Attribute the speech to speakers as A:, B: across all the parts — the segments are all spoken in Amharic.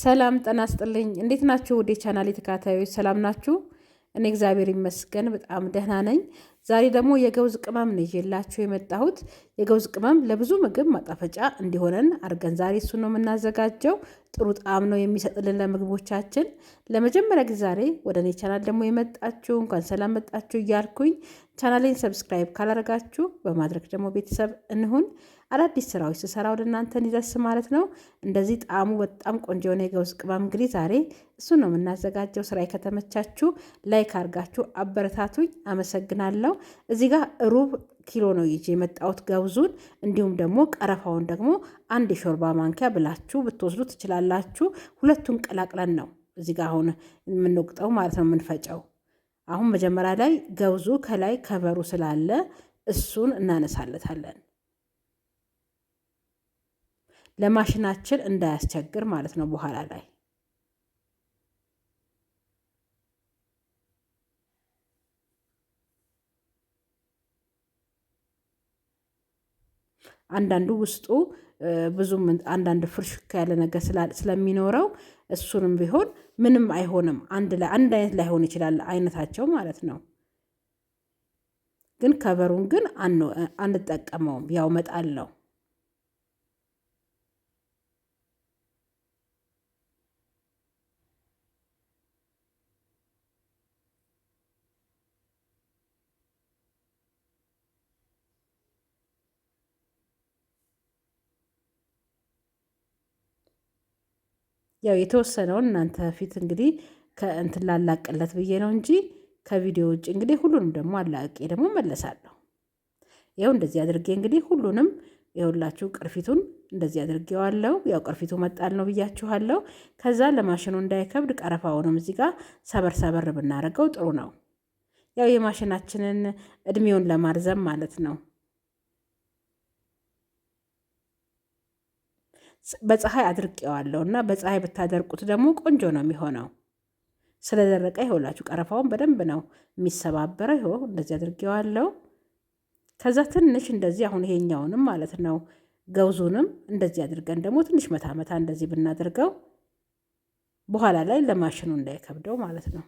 A: ሰላም ጠና ስጥልኝ። እንዴት ናችሁ? ወደ ቻናል የተካታዮች ሰላም ናችሁ? እኔ እግዚአብሔር ይመስገን በጣም ደህና ነኝ። ዛሬ ደግሞ የገውዝ ቅመም ነው ይዤላችሁ የመጣሁት። የገውዝ ቅመም ለብዙ ምግብ ማጣፈጫ እንዲሆነን አድርገን ዛሬ እሱ ነው የምናዘጋጀው። ጥሩ ጣዕም ነው የሚሰጥልን ለምግቦቻችን። ለመጀመሪያ ጊዜ ዛሬ ወደ እኔ ቻናል ደግሞ የመጣችሁ እንኳን ሰላም መጣችሁ እያልኩኝ ቻናሌን ሰብስክራይብ ካላደረጋችሁ በማድረግ ደግሞ ቤተሰብ እንሁን። አዳዲስ ስራዎች ስሰራ ወደ እናንተ እንዲደርስ ማለት ነው። እንደዚህ ጣዕሙ በጣም ቆንጆ የሆነ የገውዝ ቅመም እንግዲህ ዛሬ እሱ ነው የምናዘጋጀው። ስራዬ ከተመቻችሁ ላይክ አድርጋችሁ አበረታቱኝ። አመሰግናለሁ። ነው። እዚህ ጋር ሩብ ኪሎ ነው ይዤ የመጣሁት ገብዙን እንዲሁም ደግሞ ቀረፋውን ደግሞ አንድ የሾርባ ማንኪያ ብላችሁ ብትወስዱ ትችላላችሁ። ሁለቱን ቀላቅለን ነው እዚህ ጋር አሁን የምንወቅጠው ማለት ነው የምንፈጨው። አሁን መጀመሪያ ላይ ገብዙ ከላይ ከበሩ ስላለ እሱን እናነሳለታለን ለማሽናችን እንዳያስቸግር ማለት ነው በኋላ ላይ አንዳንዱ ውስጡ ብዙም አንዳንድ ፍርሽክ ያለ ነገር ስለሚኖረው እሱንም ቢሆን ምንም አይሆንም። አንድ ላይ አንድ አይነት ላይሆን ይችላል አይነታቸው ማለት ነው። ግን ከበሩን ግን አንጠቀመውም፣ ያው መጣል ነው። ያው የተወሰነውን እናንተ ፊት እንግዲህ ከእንትን ላላቅለት ብዬ ነው እንጂ ከቪዲዮ ውጭ እንግዲህ ሁሉንም ደግሞ አላቅቄ ደግሞ መለሳለሁ። ይኸው እንደዚህ አድርጌ እንግዲህ ሁሉንም የሁላችሁ ቅርፊቱን እንደዚህ አድርጌዋለሁ። ያው ቅርፊቱ መጣል ነው ብያችኋለሁ። ከዛ ለማሽኑ እንዳይከብድ ቀረፋውንም እዚህ ጋር ሰበር ሰበር ብናደርገው ጥሩ ነው። ያው የማሽናችንን እድሜውን ለማርዘም ማለት ነው። በፀሐይ አድርቄዋለሁ እና በፀሐይ ብታደርቁት ደግሞ ቆንጆ ነው የሚሆነው። ስለደረቀ ይኸውላችሁ ቀረፋውን በደንብ ነው የሚሰባበረው። ይኸው እንደዚህ አድርጌዋለሁ። ከዛ ትንሽ እንደዚህ አሁን ይሄኛውንም ማለት ነው ገውዙንም እንደዚህ አድርገን ደግሞ ትንሽ መታ መታ እንደዚህ ብናደርገው በኋላ ላይ ለማሽኑ እንዳይከብደው ማለት ነው።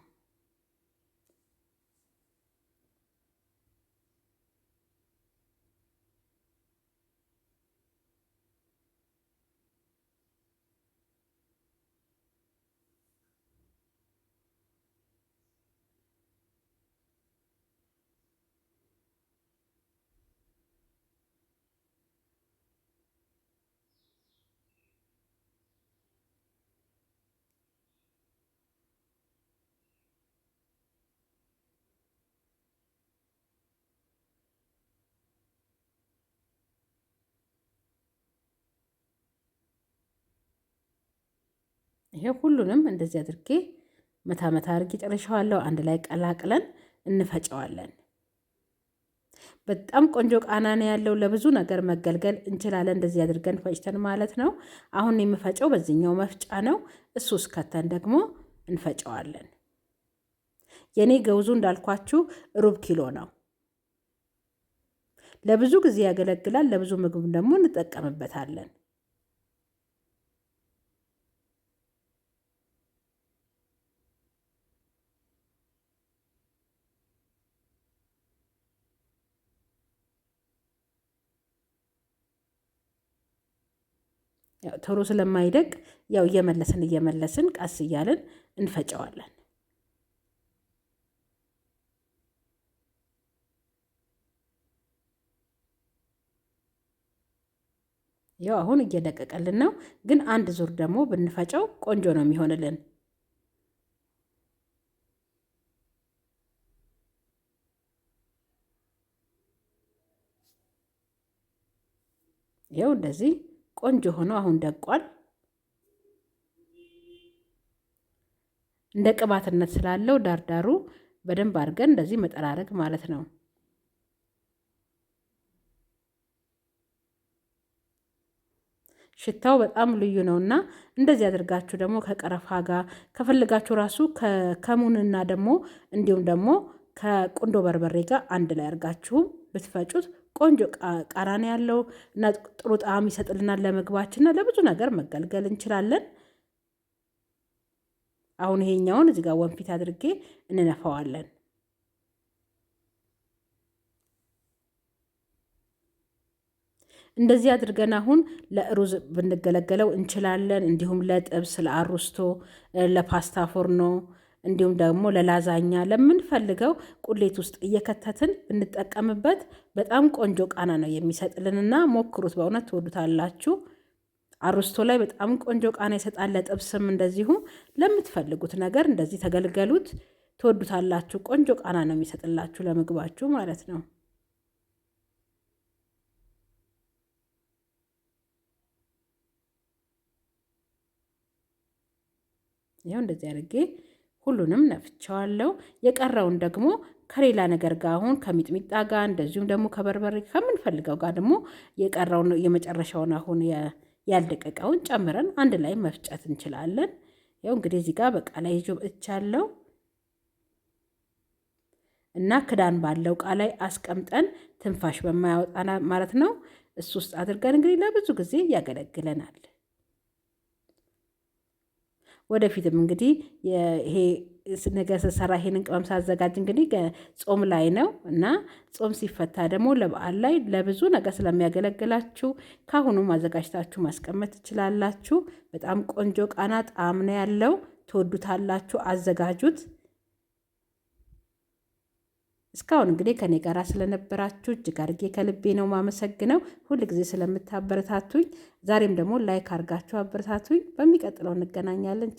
A: ይሄ ሁሉንም እንደዚህ አድርጌ መታ መታ አድርጌ ጨርሻዋለሁ። አንድ ላይ ቀላቅለን እንፈጨዋለን። በጣም ቆንጆ ቃና ነው ያለው። ለብዙ ነገር መገልገል እንችላለን። እንደዚህ አድርገን ፈጭተን ማለት ነው። አሁን የምፈጨው በዚህኛው መፍጫ ነው። እሱ እስከተን ደግሞ እንፈጨዋለን። የኔ ገውዙ እንዳልኳችሁ ሩብ ኪሎ ነው። ለብዙ ጊዜ ያገለግላል። ለብዙ ምግብ ደግሞ እንጠቀምበታለን። ቶሎ ስለማይደቅ ያው እየመለስን እየመለስን ቀስ እያልን እንፈጨዋለን። ያው አሁን እየደቀቀልን ነው፣ ግን አንድ ዙር ደግሞ ብንፈጨው ቆንጆ ነው የሚሆንልን። ያው እንደዚህ ቆንጆ ሆኖ አሁን ደቋል። እንደ ቅባትነት ስላለው ዳርዳሩ በደንብ አድርገን እንደዚህ መጠራረግ ማለት ነው። ሽታው በጣም ልዩ ነው እና እንደዚህ አድርጋችሁ ደግሞ ከቀረፋ ጋር ከፈለጋችሁ ራሱ ከከሙንና ደግሞ እንዲሁም ደግሞ ከቁንዶ በርበሬ ጋር አንድ ላይ አድርጋችሁም ብትፈጩት ቆንጆ ቃራን ያለው እና ጥሩ ጣዕም ይሰጥልናል። ለምግባችንና ለብዙ ነገር መገልገል እንችላለን። አሁን ይሄኛውን እዚህ ጋር ወንፊት አድርጌ እንነፋዋለን። እንደዚህ አድርገን አሁን ለሩዝ ብንገለገለው እንችላለን። እንዲሁም ለጥብስ፣ ለአሩስቶ፣ ለፓስታ ፎርኖ እንዲሁም ደግሞ ለላዛኛ ለምንፈልገው ቁሌት ውስጥ እየከተትን ብንጠቀምበት በጣም ቆንጆ ቃና ነው የሚሰጥልንና ሞክሩት፣ በእውነት ትወዱታላችሁ። አሩስቶ ላይ በጣም ቆንጆ ቃና ይሰጣል። ለጥብስም እንደዚሁ ለምትፈልጉት ነገር እንደዚህ ተገልገሉት፣ ትወዱታላችሁ። ቆንጆ ቃና ነው የሚሰጥላችሁ ለምግባችሁ ማለት ነው። ይኸው እንደዚህ አድርጌ ሁሉንም ነፍቸዋለሁ። የቀረውን ደግሞ ከሌላ ነገር ጋር አሁን ከሚጥሚጣ ጋር እንደዚሁም ደግሞ ከበርበሬ ከምንፈልገው ጋር ደግሞ የቀረውን የመጨረሻውን አሁን ያልደቀቀውን ጨምረን አንድ ላይ መፍጨት እንችላለን። ያው እንግዲህ እዚህ ጋር በቃ ላይ ይዞ እቻለሁ እና ክዳን ባለው እቃ ላይ አስቀምጠን ትንፋሽ በማያወጣ ማለት ነው እሱ ውስጥ አድርገን እንግዲህ ለብዙ ጊዜ ያገለግለናል። ወደፊትም እንግዲህ ይሄ ነገር ስሰራ ይሄንን ቅመም ሳዘጋጅ እንግዲህ ጾም ላይ ነው እና ጾም ሲፈታ ደግሞ ለበዓል ላይ ለብዙ ነገር ስለሚያገለግላችሁ ካሁኑ ማዘጋጅታችሁ ማስቀመጥ ትችላላችሁ። በጣም ቆንጆ ቃና ጣዕም ነው ያለው። ትወዱታላችሁ። አዘጋጁት። እስካሁን እንግዲህ ከኔ ጋር ስለነበራችሁ እጅግ አድርጌ ከልቤ ነው ማመሰግነው። ሁል ጊዜ ስለምታበረታቱኝ፣ ዛሬም ደግሞ ላይክ አድርጋችሁ አበረታቱኝ። በሚቀጥለው እንገናኛለን።